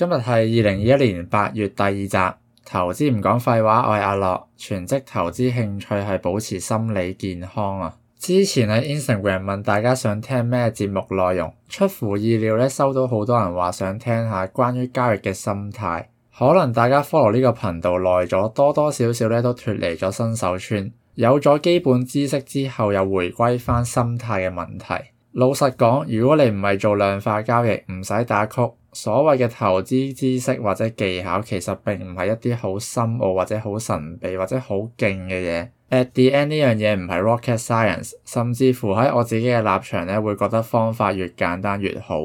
今日係二零二一年八月第二集，投資唔講廢話，我係阿樂，全職投資興趣係保持心理健康啊。之前喺 Instagram 問大家想聽咩節目內容，出乎意料咧，收到好多人話想聽下關於交易嘅心態。可能大家 follow 呢個頻道耐咗，多多少少咧都脫離咗新手村，有咗基本知識之後，又回歸翻心態嘅問題。老實講，如果你唔係做量化交易，唔使打曲。所謂嘅投資知識或者技巧，其實並唔係一啲好深奧或者好神秘或者好勁嘅嘢。At the end 呢樣嘢唔係 rocket science，甚至乎喺我自己嘅立場咧，會覺得方法越簡單越好。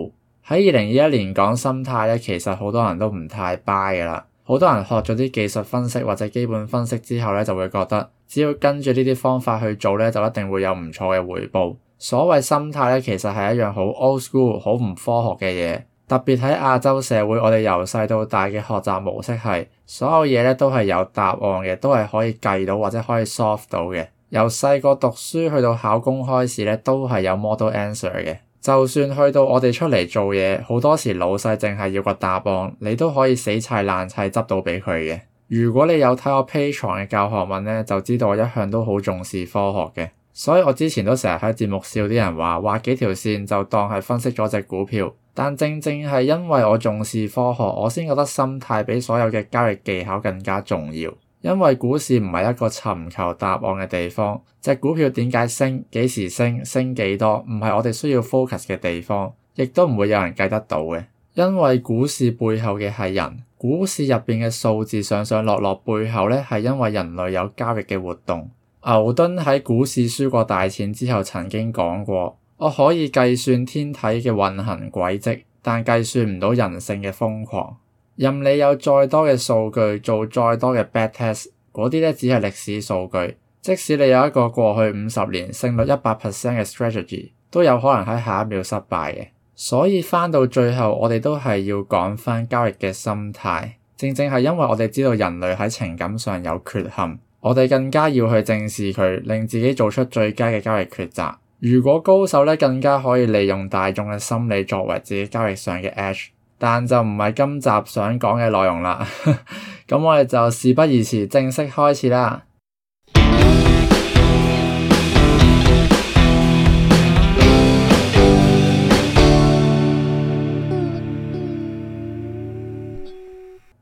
喺二零二一年講心態咧，其實好多人都唔太 buy 㗎喇。好多人學咗啲技術分析或者基本分析之後咧，就會覺得只要跟住呢啲方法去做咧，就一定會有唔錯嘅回報。所謂心態咧，其實係一樣好 old school、好唔科學嘅嘢。特別喺亞洲社會，我哋由細到大嘅學習模式係所有嘢咧都係有答案嘅，都係可以計到或者可以 s o f t 到嘅。由細個讀書去到考公開始，咧，都係有 model answer 嘅。就算去到我哋出嚟做嘢，好多時老細淨係要個答案，你都可以死砌爛砌執到畀佢嘅。如果你有睇我 Pay 牀嘅教學文咧，就知道我一向都好重視科學嘅。所以我之前都成日喺節目笑啲人話畫幾條線就當係分析咗隻股票。但正正係因為我重視科學，我先覺得心態比所有嘅交易技巧更加重要。因為股市唔係一個尋求答案嘅地方，隻股票點解升、幾時升、升幾多，唔係我哋需要 focus 嘅地方，亦都唔會有人計得到嘅。因為股市背後嘅係人，股市入面嘅數字上上落落，背後呢係因為人類有交易嘅活動。牛頓喺股市輸過大錢之後曾經講過。我可以計算天體嘅運行軌跡，但計算唔到人性嘅瘋狂。任你有再多嘅數據，做再多嘅 back test，嗰啲咧只係歷史數據。即使你有一個過去五十年勝率一百 percent 嘅 strategy，都有可能喺下一秒失敗嘅。所以翻到最後，我哋都係要講翻交易嘅心態。正正係因為我哋知道人類喺情感上有缺陷，我哋更加要去正視佢，令自己做出最佳嘅交易抉擇。如果高手咧更加可以利用大眾嘅心理作為自己交易上嘅 edge，但就唔係今集想講嘅內容啦。咁 我哋就事不宜遲，正式開始啦。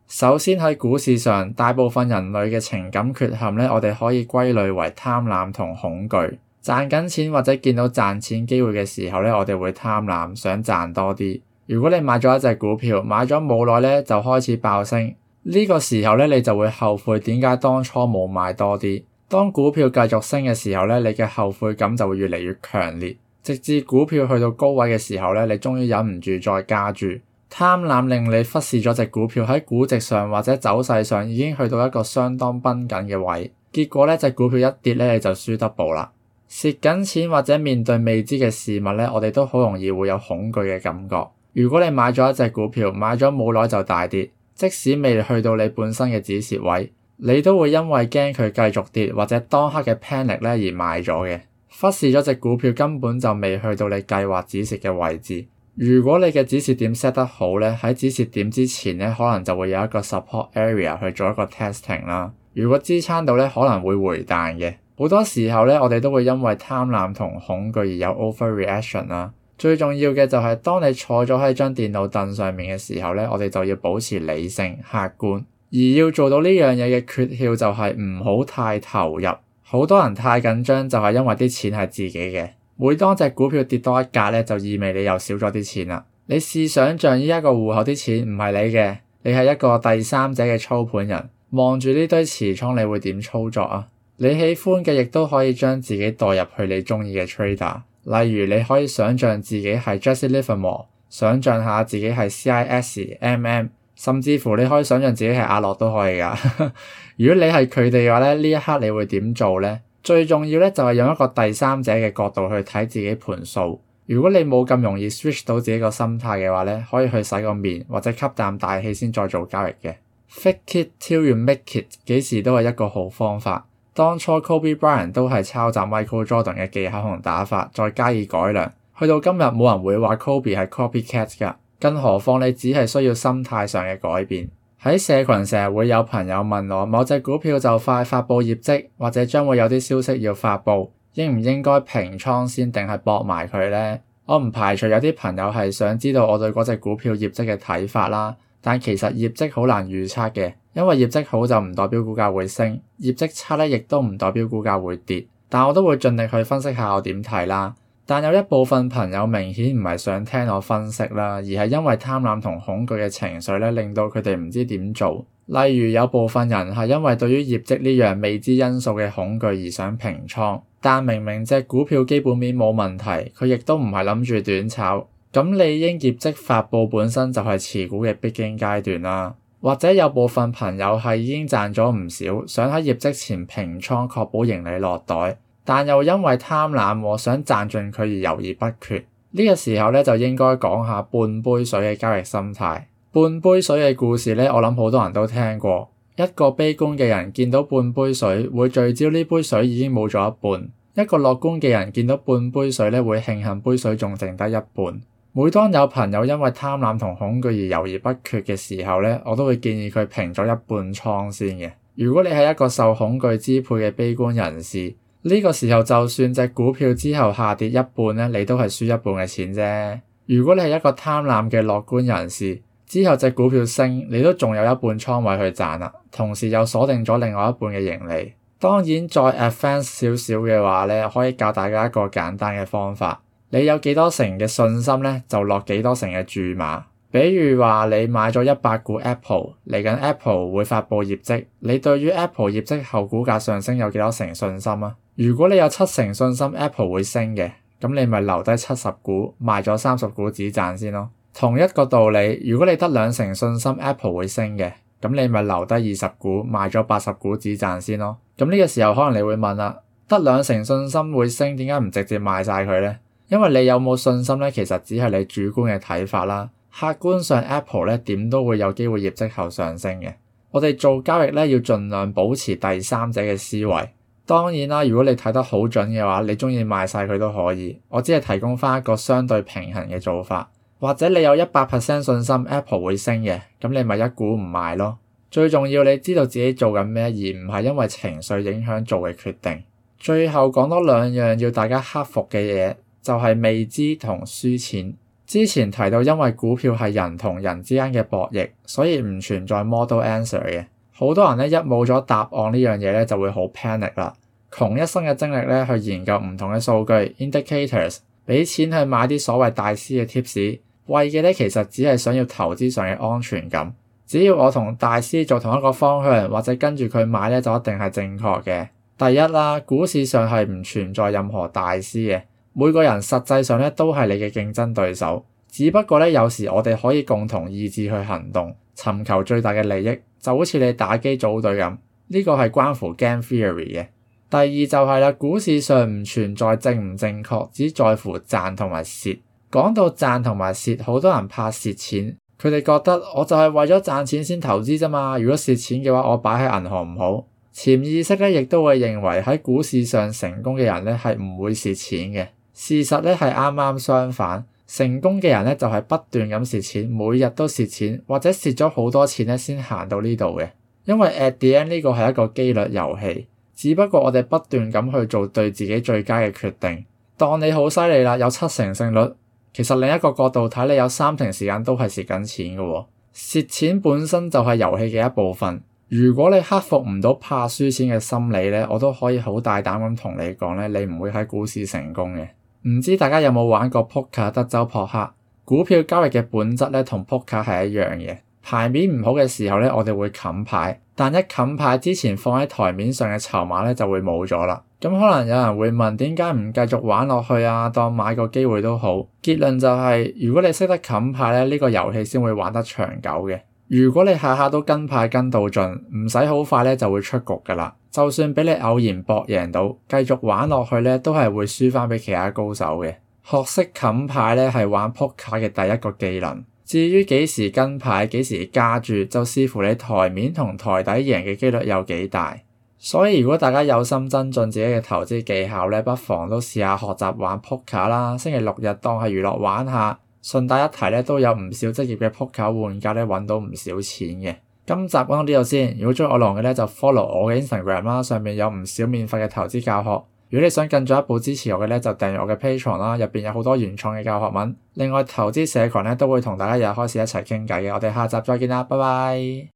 首先喺股市上，大部分人類嘅情感缺陷咧，我哋可以歸類為貪婪同恐懼。賺緊錢或者見到賺錢機會嘅時候咧，我哋會貪婪，想賺多啲。如果你買咗一隻股票，買咗冇耐咧就開始爆升，呢個時候咧你就會後悔點解當初冇買多啲。當股票繼續升嘅時候咧，你嘅後悔感就會越嚟越強烈，直至股票去到高位嘅時候咧，你終於忍唔住再加注貪婪，令你忽視咗隻股票喺估值上或者走勢上已經去到一個相當繃緊嘅位。結果咧，隻股票一跌咧你就輸 double 啦。蝕緊錢或者面對未知嘅事物咧，我哋都好容易會有恐懼嘅感覺。如果你買咗一隻股票，買咗冇耐就大跌，即使未去到你本身嘅止蝕位，你都會因為驚佢繼續跌或者當刻嘅 panic 咧而賣咗嘅，忽視咗隻股票根本就未去到你計劃止蝕嘅位置。如果你嘅止蝕點 set 得好咧，喺止蝕點之前咧，可能就會有一個 support area 去做一個 testing 啦。如果支撐到咧，可能會回彈嘅。好多時候咧，我哋都會因為貪婪同恐懼而有 overreaction 啦、啊。最重要嘅就係，當你坐咗喺張電腦凳上面嘅時候咧，我哋就要保持理性、客觀。而要做到呢樣嘢嘅訣竅就係唔好太投入。好多人太緊張就係因為啲錢係自己嘅。每當隻股票跌多一格咧，就意味你又少咗啲錢啦。你試想像依一個戶口啲錢唔係你嘅，你係一個第三者嘅操盤人，望住呢堆持倉，你會點操作啊？你喜歡嘅，亦都可以將自己代入去你鍾意嘅 trader。例如，你可以想象自己係 Jesse Livermore，想象下自己係 CIS MM，甚至乎你可以想象自己係阿樂都可以㗎。 如果你係佢哋嘅話咧，呢一刻你會點做咧？最重要咧就係用一個第三者嘅角度去睇自己盤數。如果你冇咁容易 switch 到自己個心態嘅話咧，可以去洗個面或者吸啖大氣先，再做交易嘅。Fake it till you make it，幾時都係一個好方法。當初 Kobe Bryant 都係抄襲 Michael Jordan 嘅技巧同打法，再加以改良，去到今日冇人會話 Kobe 係 copycat 㗎。更何況你只係需要心態上嘅改變。喺社群成日會有朋友問我，某隻股票就快發佈業績，或者將會有啲消息要發佈，應唔應該平倉先定係博埋佢呢？我唔排除有啲朋友係想知道我對嗰隻股票業績嘅睇法啦。但其實業績好難預測嘅，因為業績好就唔代表股價會升，業績差咧亦都唔代表股價會跌。但我都會盡力去分析下我點睇啦。但有一部分朋友明顯唔係想聽我分析啦，而係因為貪婪同恐懼嘅情緒咧，令到佢哋唔知點做。例如有部分人係因為對於業績呢樣未知因素嘅恐懼而想平倉，但明明隻股票基本面冇問題，佢亦都唔係諗住短炒。咁理應業績發佈本身就係持股嘅必經階段啦，或者有部分朋友係已經賺咗唔少，想喺業績前平倉，確保盈利落袋，但又因為貪婪，我想賺盡佢而猶豫不決。呢個時候咧，就應該講下半杯水嘅交易心態。半杯水嘅故事咧，我諗好多人都聽過。一個悲觀嘅人見到半杯水，會聚焦呢杯水已經冇咗一半；一個樂觀嘅人見到半杯水咧，會慶幸杯水仲剩得一半。每當有朋友因為貪婪同恐懼而猶豫不決嘅時候咧，我都會建議佢平咗一半倉先嘅。如果你係一個受恐懼支配嘅悲觀人士，呢個時候就算隻股票之後下跌一半咧，你都係輸一半嘅錢啫。如果你係一個貪婪嘅樂觀人士，之後隻股票升，你都仲有一半倉位去賺啦，同時又鎖定咗另外一半嘅盈利。當然再 advanced 少少嘅話咧，可以教大家一個簡單嘅方法。你有幾多成嘅信心咧？就落幾多成嘅注碼。比如話，你買咗一百股 Apple，嚟緊 Apple 會發布業績。你對於 Apple 業績後股價上升有幾多成信心啊？如果你有七成信心 Apple 會升嘅，咁你咪留低七十股，賣咗三十股止賺先咯。同一個道理，如果你得兩成信心 Apple 會升嘅，咁你咪留低二十股，賣咗八十股止賺先咯。咁呢個時候可能你會問啦，得兩成信心會升，點解唔直接賣晒佢咧？因為你有冇信心咧，其實只係你主觀嘅睇法啦。客觀上，Apple 咧，點都會有機會業績後上升嘅。我哋做交易咧，要盡量保持第三者嘅思維。當然啦，如果你睇得好準嘅話，你中意賣晒佢都可以。我只係提供翻一個相對平衡嘅做法，或者你有一百 percent 信心 Apple 會升嘅，咁你咪一股唔賣咯。最重要，你知道自己做緊咩，而唔係因為情緒影響做嘅決定。最後講多兩樣要大家克服嘅嘢。就係未知同輸錢。之前提到，因為股票係人同人之間嘅博弈，所以唔存在 model answer 嘅。好多人咧一冇咗答案呢樣嘢咧，就會好 panic 啦，窮一生嘅精力咧去研究唔同嘅數據、indicators，俾錢去買啲所謂大師嘅 tips，為嘅咧其實只係想要投資上嘅安全感。只要我同大師做同一個方向，或者跟住佢買咧，就一定係正確嘅。第一啦，股市上係唔存在任何大師嘅。每個人實際上咧都係你嘅競爭對手，只不過咧有時我哋可以共同意志去行動，尋求最大嘅利益，就好似你打機組隊咁。呢個係關乎 game theory 嘅。第二就係啦，股市上唔存在正唔正確，只在乎賺同埋蝕。講到賺同埋蝕，好多人怕蝕錢，佢哋覺得我就係為咗賺錢先投資啫嘛。如果蝕錢嘅話，我擺喺銀行唔好。潛意識咧亦都會認為喺股市上成功嘅人咧係唔會蝕錢嘅。事實咧係啱啱相反，成功嘅人咧就係不斷咁蝕錢，每日都蝕錢，或者蝕咗好多錢咧先行到呢度嘅。因為 at the end 呢個係一個機率遊戲，只不過我哋不斷咁去做對自己最佳嘅決定。當你好犀利啦，有七成勝率，其實另一個角度睇，你有三成時間都係蝕緊錢嘅喎。蝕錢本身就係遊戲嘅一部分。如果你克服唔到怕輸錢嘅心理咧，我都可以好大膽咁同你講咧，你唔會喺股市成功嘅。唔知大家有冇玩過撲克、德州撲克？股票交易嘅本質咧，同撲克係一樣嘅。牌面唔好嘅時候咧，我哋會冚牌，但一冚牌之前放喺台面上嘅籌碼咧就會冇咗啦。咁可能有人會問，點解唔繼續玩落去啊？當買個機會都好。結論就係、是，如果你識得冚牌咧，呢、這個遊戲先會玩得長久嘅。如果你下下都跟牌跟到盡，唔使好快咧就會出局噶啦。就算俾你偶然博贏到，繼續玩落去咧都係會輸翻俾其他高手嘅。學識冚牌咧係玩撲克嘅第一個技能。至於幾時跟牌，幾時加注，就視乎你台面同台底贏嘅幾率有幾大。所以如果大家有心增進自己嘅投資技巧咧，不妨都試下學習玩撲克啦。星期六日當係娛樂玩下。順帶一提咧，都有唔少職業嘅撲克玩家咧，揾到唔少錢嘅。今集講到呢度先。如果中意我郎嘅咧，就 follow 我嘅 Instagram 啦，上面有唔少免費嘅投資教學。如果你想更進一步支持我嘅咧，就訂閱我嘅 Patreon 啦，入邊有好多原創嘅教學文。另外投資社群咧都會同大家由開始一齊傾偈嘅。我哋下集再見啦，拜拜。